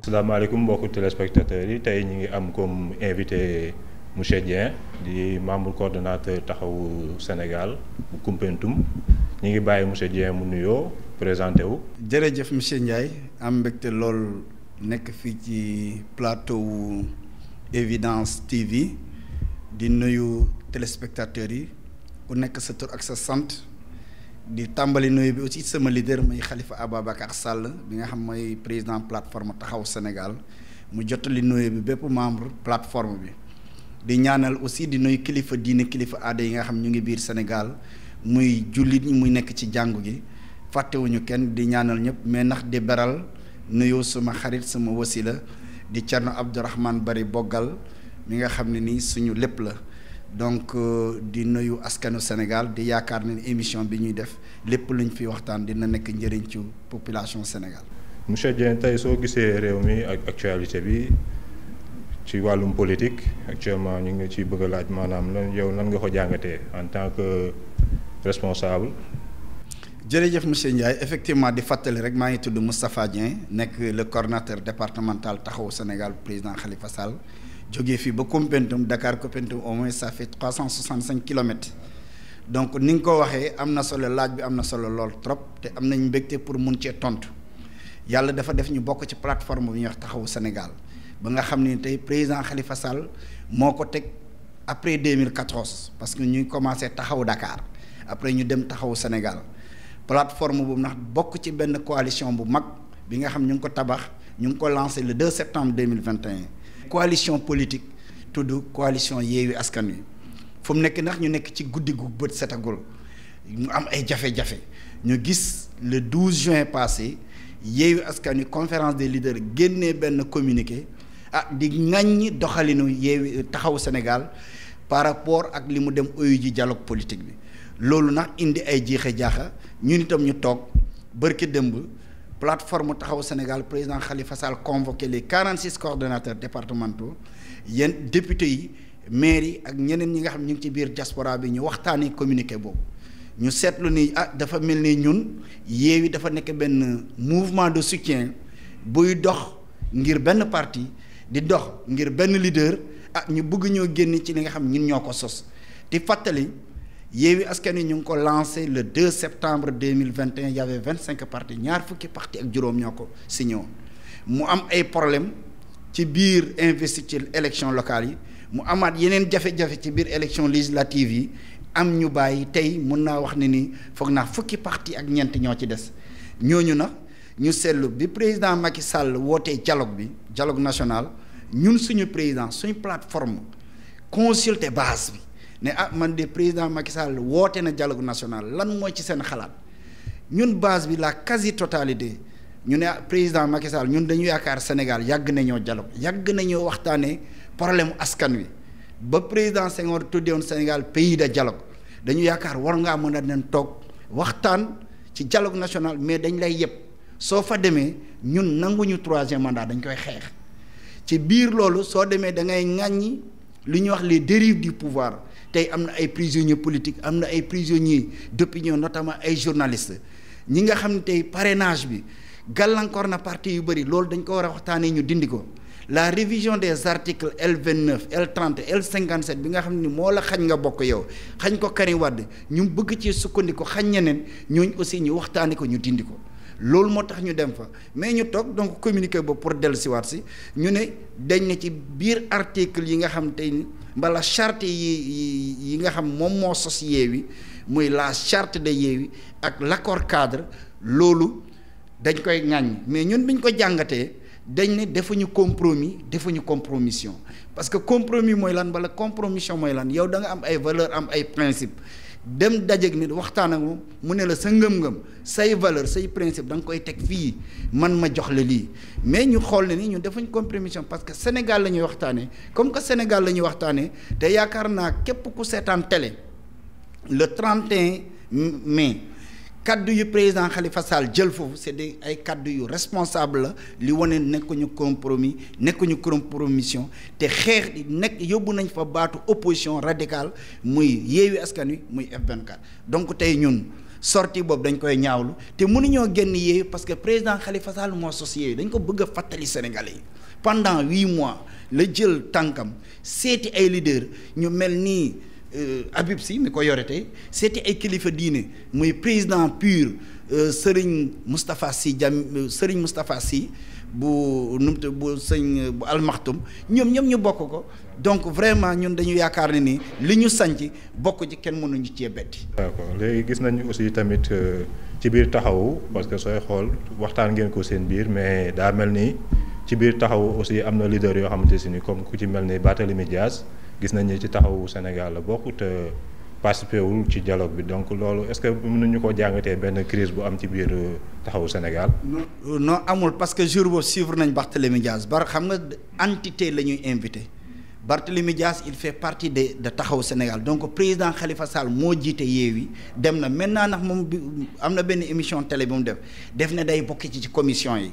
asalaamaaleykum mbokku téléspectateurs yi tey ñu ngi am comme invité monsieur Dieng di membre coordonnateur taxawu Sénégal bu Koumpentoum ñu ngi bàyyi monsieur Dieng mu nuyoo présenté wu. jërëjëf monsieur Ndiaye am mbégte lool nekk fii ci plateau wu Evidence TV di nuyu téléspectateurs yi ku nekk sa tur ak sa sant. di tàmbali nuyu bi aussi sama leader muy Khalifa Ababacar Sall bi nga xam mooy président plateforme taxaw Sénégal mu jottali nuyu bi bépp membre plateforme bi di ñaanal aussi di nuyu kilifa diine kilifa aada yi nga xam ñu ngi biir senegal muy jullit ñi muy nekk ci jàngu gi fàttewuñu kenn di ñaanal ñëpp mais ndax di beral nuyoo sama xarit sama wasila di Thierno Abdourahmane Bari Boggal mi nga xam ne nii suñu lépp la donc euh, di nuyu askanu Sénégal di yaakaar ne émission bi ñuy def lépp ñu fi waxtaan dina nekk njëriñ ci population Sénégal. monsieur Dieng tey soo gisee réew mi ak actualité bi ci wàllum politique actuellement ñu ngi ci bëgg a laaj maanaam la yow lan nga ko jàngatee en tant que responsable. jërëjëf monsieur Ndiaye effectivement di fàttali rek maa ngi tudd Moustapha Dieng nekk le coordonnateur départemental taxawu Sénégal président Khalifa Sall. jóge fii ba Koumpentoum Dakar Koumpentoum au moins ça fait trois cent soixante cinq kilomètres donc ni nga ko waxee am na solo laaj bi am na solo lool trop te am nañ mbégte pour mun cee tontu yàlla dafa def ñu bokk ci plateforme bi ñuy wax taxawu Sénégal ba nga xam ni tey président Khalifa Sall moo ko teg après 2014 parce que ñu commencé taxaw Dakar après ñu dem taxawu Sénégal plateforme boobu ndax bokk ci benn coalition bu mag bi nga xam ñu ngi ko tabax ñu ngi ko lancé le 2 septembre 2021. coalition politique tudd coalition Yewwi Askan Wi fu mu nekk ndax ñu nekk ci guddi gu bët setagul mu am ay jafe-jafe ñu gis le 12 juin passé Yewwi Askan Wi conférence des leaders génnee benn communiqué ah di ŋàññi doxalinu Yewwi Taxawu Sénégal par rapport ak li mu dem uyu ji dialogue politique bi loolu nag indi ay jiixe jaaxa ñun itam ñu toog bërki dëmb plateforme taxaw Sénégal président xalifa Sall convoqué les quarante six coordonnateurs départementaux yéen députés yi maires yi ak ñeneen ñi nga xam ñu ngi ci biir diaspora bi ñu waxtaanee communiqué boobu ñu seetlu ni ah dafa mel ni ñun yi dafa nekk benn mouvement de soutien buy dox ngir benn parti di dox ngir benn leader ah ñu bëgg ñoo génn ci li nga xam ñun ñoo ko sos te fàttali. Yewwi Askan Wi ñu ngi ko lancé le 2 septembre 2021 il y avait 25 partis ñaar fukki parti ak juróom ñoo ko si woon mu am ay problème ci biir investiture élection locale yi mu amaat yeneen jafe-jafe ci biir élection législative yi am ñu bàyyi tey mun naa wax ne ni foog naa fukki partie ak ñeent ñoo ci des ñooñu na ñu seetlu bi président Macky Sall wootee dialogue bi dialogue national ñun suñu président suñu plateforme consulter base bi ne ah man de président Macky Sall woote na dialogue national lan mooy ci seen xalaat ñun base bi la quasi totalité ñu ne ah, président Macky Sall ñun dañu yaakaar Sénégal yàgg nañoo dialogue yàgg nañoo waxtaanee problème askan wi ba président Senghor tuddewoon Sénégal pays de dialogue dañu yaakaar war ngaa mën a leen toog waxtaan ci dialogue national mais dañ lay yëpp soo fa demee ñun nanguñu troisième mandat dañ koy xeex ci biir loolu soo demee da ngay ŋàññi lu ñuy wax li dérives du pouvoir tey am na ay prisonniers politiques am na ay prisonniers d'opinion notamment ay journalistes ñi nga xam ne tey parenage bi gàllankoor na parti yu bëri loolu dañ ko war a waxtaanee ñu dindi ko la révision des articles L29 L30 L57 bi nga xam ni moo la xañ nga bokk yow xañ ko Karim Wade ñu bëgg ci sukkandiku xañ ñeneen ñooñu aussi ñu waxtaanee ko ñu dindi ko. loolu moo tax ñu dem fa mais ñu toog donc communiqué boobu pour dellusiwaat si waat si ñu ne dañ ne ci biir article yi nga xam tey mbala chart yi yi nga xam moom moo sos Yewwi muy la chart de Yewwi ak l'accord cadre loolu dañ koy ŋàññ mais ñun bi ñu ko jàngatee dañ ne defuñu compromis defuñu compromission parce que compromis mooy lan bala compromission mooy lan yow danga am ay valeur am ay principe dem dajeeg nit waxtaan ak moom mu ne la sa ngëm-ngëm say valeur say principe da koy teg fii man ma jox la lii mais ñu xool ne ni ñun defuñ compromission parce que Sénégal la ñuy waxtaanee comme que Sénégal la ñuy waxtaanee te yaakaar naa képp ku seetaan télé le 31 mai. kaddu yu président Khalifa Sall jël foofu c'est de ay kaddu yu responsable la li wone nekkuñu compromis nekkuñu compromission te xeex di nekk yóbbu nañ fa baatu opposition radicale muy Yewwi Askan Wi muy F24 donc tey ñun sortie boobu dañ koy ñaawlu te mënuñoo génn Yewwi parce que président Khalifa Sall moo sos Yewwi dañ ko bëgg fàttali sénégal yi pendant huit mois la jël tànkam seeti ay leader ñu mel nii Euh, Habib si mi ko yore tey seeti ay kilifa diine muy président pur Serigne mustapha si jam Serigne Moustapha si euh, bu numte bu sëñ bu almaxtum ñoom ñoom ñu bokk ko donc vraiment ñun dañu yaakaar ne ni li ñu sanc bokk ci kenn mënuñu cee betti. d'accord léegi gis nañu aussi tamit euh, ci biir taxawu parce que sooy xool waxtaan ngeen ko seen biir mais daa mel ni ci biir taxawu aussi am na leader yoo xamante si ni comme ku ci mel ni Barthélémy Dias gis nañ ni ci taxawu Sénégal la bokk te participé wul ci dialogue bi donc loolu est-ce que nañu ko jàngatee benn crise bu am ci biir euh, taxawu Sénégal. Euh, non amul parce que jour boobu suivre nañ Barthélémy Dias bar xam nga entité la ñuy invité Barthélémy Dias il fait partie de de taxawu Sénégal donc président Khalifa Sall moo jiite yi dem na maintenant ndax moom bi am na benn émission télé bu mu def def na day bokk ci ci commission yi.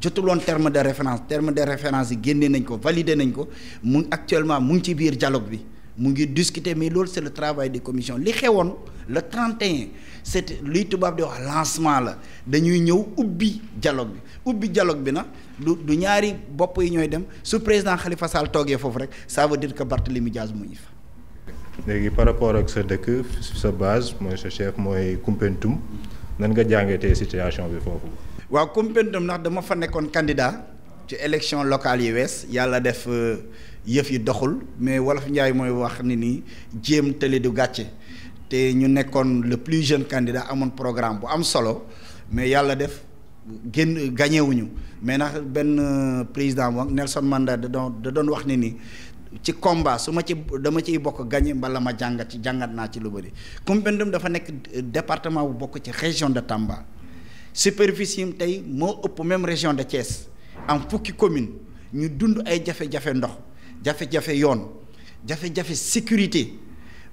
jotuloon terme de référence terme de référence yi génne nañ ko validé nañ ko mu actuellement mu ngi ci biir dialogue bi mu ngi discuter mais loolu c'est le travail des commissions li xewoon le 31 c'est luy tubaab di wax lancement la dañuy ñëw ubbi dialogue bi ubbi dialogue bi na du du ñaari bopp yi ñooy dem su président Khalifa Sall toogee foofu rek ça veut dire que Barthélémy Diaz mu ngi fa. léegi par rapport ak sa dëkk sa base mooy sa chef mooy Koumpentoum nan nga jàngatee situation bi foofu. waaw Koumpentoum ndax dama fa nekkoon candidat ci élection locale yi wees yàlla def euh, yëf yi doxul mais wolof Njaay mooy wax ni nii jéem tële du gàcce te ñu nekkoon le plus jeune candidat amoon programme bu am solo mais yàlla def génn gagné mais ndax benn euh, président bu Nelson Mandela da doon wax ni nii ci combat su ma ci dama ciy bokk gagné bala ma jàngat ci jàngat naa ci lu bëri Koumpentoum dafa nekk euh, département bu bokk ci région de Tamba superficie am tey moo ëpp même région de Thiès am fukki commune ñu dund ay jafe-jafe ndox jafe-jafe yoon jafe-jafe sécurité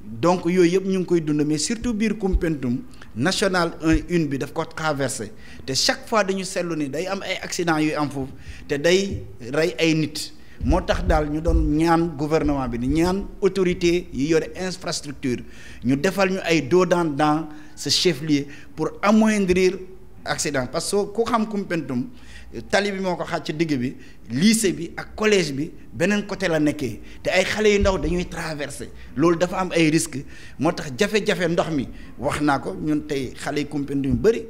donc yooyu yëpp ñu ngi koy dund mais surtout biir Koumpentoum national un une bi daf ko traversé te chaque fois dañu seetlu ni day am ay accident yuy am foofu te day rey ay nit moo tax daal ñu doon ñaan gouvernement bi di ñaan autorité yi yore infrastructure ñu defal ñu ay dos dans dans ce chef-lieu pour amoindrir accident parce que ku xam Koumpentoum tali bi moo ko xaaj ci digg bi lycée bi ak collège bi beneen côté la nekkee te ay xale yu ndaw dañuy traversé loolu dafa am ay risques moo tax jafe-jafe ndox mi wax naa ko ñun tey xale yi Koumpentoum yu bëri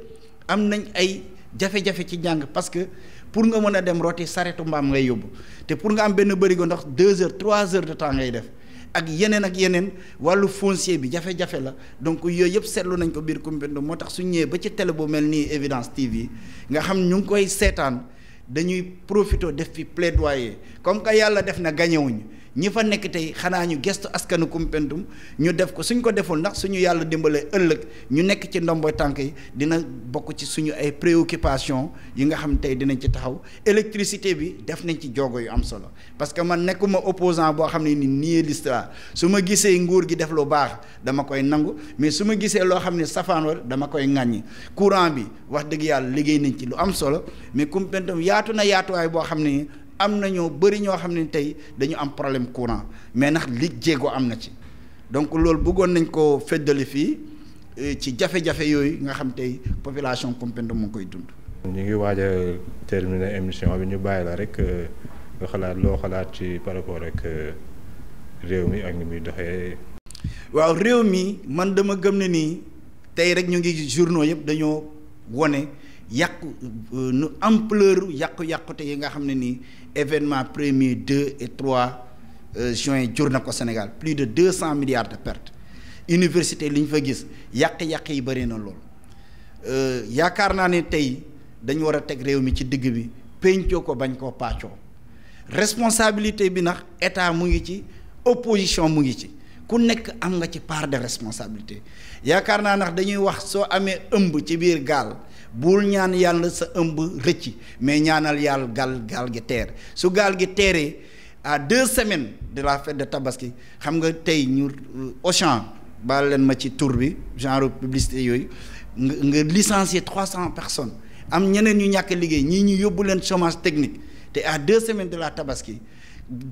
am nañ ay jafe-jafe ci jàng parce que pour nga mën a dem rooti saretu mbaam ngay yóbbu te pour nga am benn bërigo ndox deux heures trois heures de temps ngay def ak yeneen ak yeneen wàllu foncier bi jafe-jafe la donc yooyu yëpp seetlu nañ ko biir Koumpentoum moo tax su ñëwee ba ci télé bu mel nii Evidence TV nga xam ñu ngi koy seetaan dañuy profité def fi plaidoyer comme que yàlla def na gañewuñu ñi fa nekk tey xanaa ñu gestu askanu kumpentum ñu def ko suñ ko deful ndax suñu yàlla dimbalee ëllëg ñu nekk ci ndombo tànk yi dina bokk ci suñu ay préoccupation yi nga xam tey dinañ ci taxaw électricité bi def nañ ci jogo yu am solo parce que man nekkuma opposant boo xam ne ni nihiliste la su ma gisee nguur gi def lu baax dama koy nangu mais su ma gisee loo xam ne safaan war dama koy ŋàññi courant bi wax dëgg yàlla liggéey nañ ci lu am solo mais kumpentum yaatu na yaatuwaay boo xam ne am na ñoo bëri ñoo xam ne tey dañu am problème courant mais nax li jéego am na ci donc loolu bëggoon nañ ko feddali fii eh, ci jafe-jafe yooyu nga xam tey population Koumpentoum mu koy dund. ñu ngi waaj a terminer émission bi ñu bàyyi la rek eh, xalaat loo xalaat ci par rapport ak eh, réew mi ak ni muy doxee. waaw réew mi man dama gëm ne nii tey rek ñu ngi journaux yëpp dañoo wone. yàqu euh, nu ampleur yàqu-yàqute yi nga xam ne nii événement premier deux et trois euh, juin jur na ko Sénégal plus de deux cent milliards de pertes université li ñu fa gis yàq-yàq yi bëri na lool euh, yaakaar naa ne tey dañu war a teg réew mi ci digg bi pencoo ko bañ koo paccoo responsabilité bi nag état mu ngi ci opposition mu ngi ci ku nekk am nga ci part de responsabilité yaakaar naa ndax dañuy wax soo amee ëmb ci biir gaal bul ñaan yàlla sa ëmb rëcc mais ñaanal yàlla gaal gaal gi teer su gaal gi teeree à deux semaines de la fête de tabaski xam nga tey ñu euh, Auchan baal leen ma ci tour bi genre publicité yooyu nga nga licencier trois cent personnes am ñeneen ñu ñàkk liggéey ñii ñu yóbbu leen chômage technique te à deux semaines de la tabaski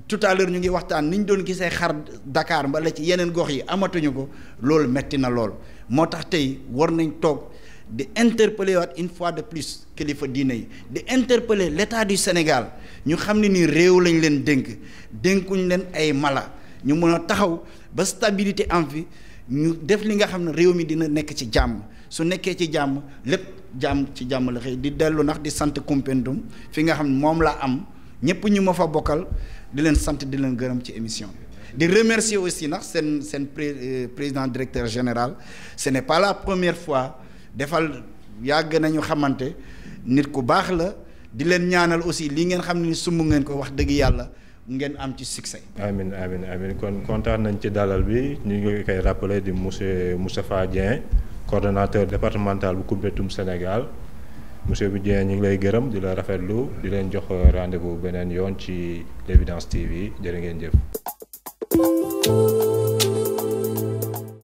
tout ñu ngi waxtaan ni ñu doon gisee xar dakaar mbala ci yeneen gox yi amatuñu ko loolu metti na lool moo tax tey war nañ toog di interpeller waat une fois de plus kilifa diine yi di interpeller l'état du Sénégal ñu xam ne ni réew lañ leen dénk dénkuñ leen ay mala ñu mën a taxaw ba stabilité am fi ñu def li nga xam ne réew mi dina nekk ci jàmm su nekkee ci jàmm lépp jàmm ci jàmm la xëy di dellu ndax di sant Koumpentoum fi nga xam moom laa am ñëpp ñu ma fa bokkal di leen sant di leen gërëm ci émission di remercier aussi ndax seen seen euh, président directeur général ce n'est par la première fois defal yàgg nañu xamante nit ku baax la di leen ñaanal aussi li ngeen xam ne sumb ngeen ko wax dëgg yàlla ngeen am ci succès. amiin amiin amiin kon kontaan nañ ci dalal bi ñu ngi koy rappeler di monsieur Moustapha Dieng coordonnateur départemental bu Koumpentoum Sénégal monsieur bi Dieng ñu ngi lay gërëm di la rafetlu di leen jox rendez-vous beneen yoon ci l' évidence TV jërë ngeen jëf.